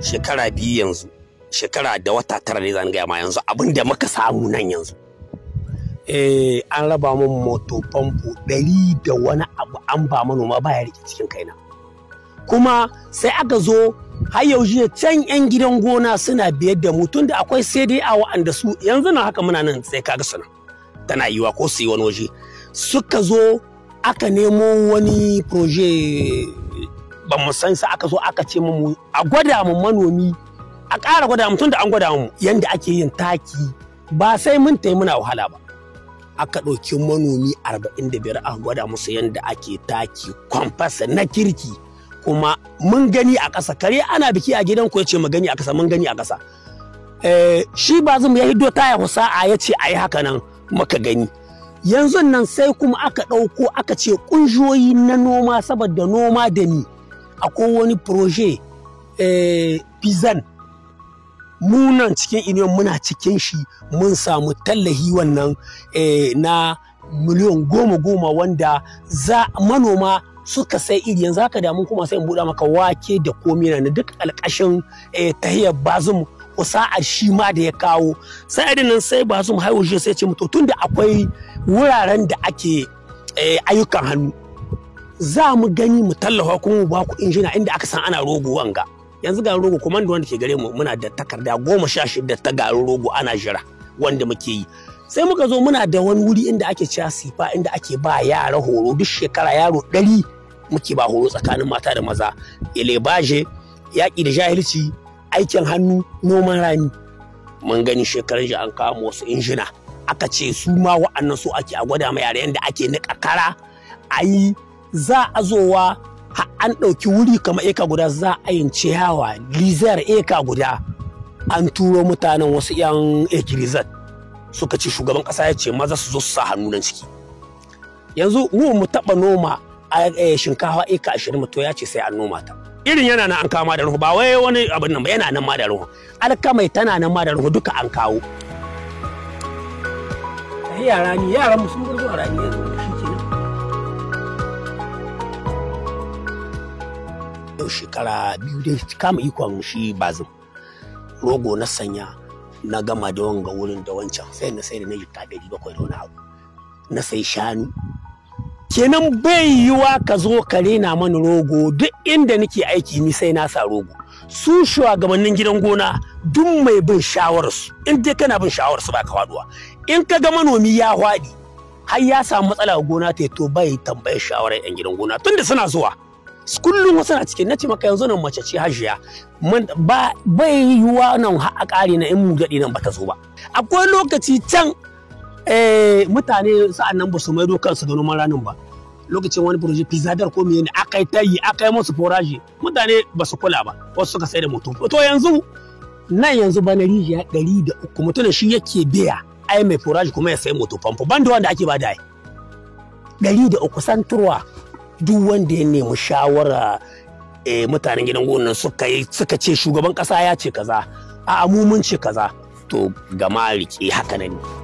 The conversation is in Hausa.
shekara biyu yanzu shekara da wata tara ne zan gaya ma yanzu abin da muka samu nan yanzu eh an raba min moto famfo ɗari da wani abu an ba manoma baya rike cikin kai na. kuma sai aka zo har yaushe can yan gidan gona suna biyar da mu tunda akwai sai dai a wa'anda su yanzu na haka muna nan sai kaga suna tana yiwa ko su yi wani waje suka zo aka nemo wani proje ba mu san sa aka zo aka ce mu a gwada mu manomi a ƙara gwada mu tunda an gwada mu yanda ake yin taki ba sai mun tai muna wahala ba aka ɗauki manomi 45 a gwada musu yanda ake taki kwamfasa na kirki kuma mun gani a ƙasa kare ana biki a gidan ku ya ce mu gani a ƙasa mun gani a ƙasa eh, shi ba zan ya hiddo taya husa'a ya ce a yi haka nan muka gani yanzu nan sai kuma aka ɗauko aka ce ƙungiyoyi na noma saboda noma da ni akwai wani proje eh, pizan munan cikin union muna cikin shi mun samu tallahi wannan eh, na miliyan goma goma wanda za manoma suka sai iri yanzu haka damun kuma sai in buɗa maka wake da komi na duk alƙashin eh, tahiyar bazum a shi ma da ya kawo sai nan sai bazum haihu shi sai ce mutu tun da akwai wuraren da ake ayyukan hannu za mu gani mu tallafa kuma mu ba ku injina inda aka san ana rogo wanga yanzu ga rogo kuma wanda ke gare mu muna da takarda goma sha shida ta garin rogo ana jira wanda muke yi sai muka zo muna da wani wuri inda ake cewa sifa inda ake ba yara horo duk shekara yaro ɗari muke ba horo tsakanin mata da maza elebaje yaƙi da jahilci aikin hannu noman rani mun gani shekarun ji an kawo wasu injina aka ce su ma wa'annan su ake a gwada ma yara yadda ake niƙa kara a yi za a zowa an ɗauki wuri kama eka guda za a yin ciyawa lizar eka guda an turo mutanen wasu 'yan ekirizat suka ce shugaban ƙasa ya ce maza su zo su sa hannu nan ciki yanzu mu mu taɓa noma a eh, shinkafa eka ashirin to ya ce sai an noma ta irin yana nan an kawo ma da ruhu ba wai wani abin nan ba yana nan ma da ruhu alkamai tana nan ma da ruhu duka an kawo yara ni yaran mu sun gurgura rani yanzu shekara biyu dai kama ikon shi bazin rogo na sanya na gama da wanga wurin da wancan sai na sai da na yi ta ɗari bakwai da wani abu na sai shanu kenan bai yiwa ka zo ka rena mana rogo duk inda nake aiki ni sai na sa rogo su shugabannin gidan gona duk mai bin shawararsu in dai kana bin shawararsu ba ka faduwa in ka ga manomi ya hwaɗi har ya samu matsala gona ta to bai tambayar shawarar 'yan gidan gona tunda suna zuwa kullum wasu na cikin nace maka yanzu nan mace ce hajiya ba bai yiwuwa nan har a kare na in mu gaɗi nan bata zo ba akwai lokaci can eh, mutane sa'an nan ba su maido da noman ranin ba lokacin wani furoji fizadar ko me aka akai tayi aka yi musu foraji mutane ba su kula ba wasu suka sai da moto. to yanzu nan yanzu bana rijiya ɗari da uku mutumin shi yake biya ai mai foraji kuma ya sai moto famfo Banda wanda ake ba da ai ɗari da uku santurwa duk wanda ya nemi shawara eh, mutanen gidan gonan suka yi suka ce shugaban kasa ya ce kaza a mu mun ce kaza to gama rike haka nan ne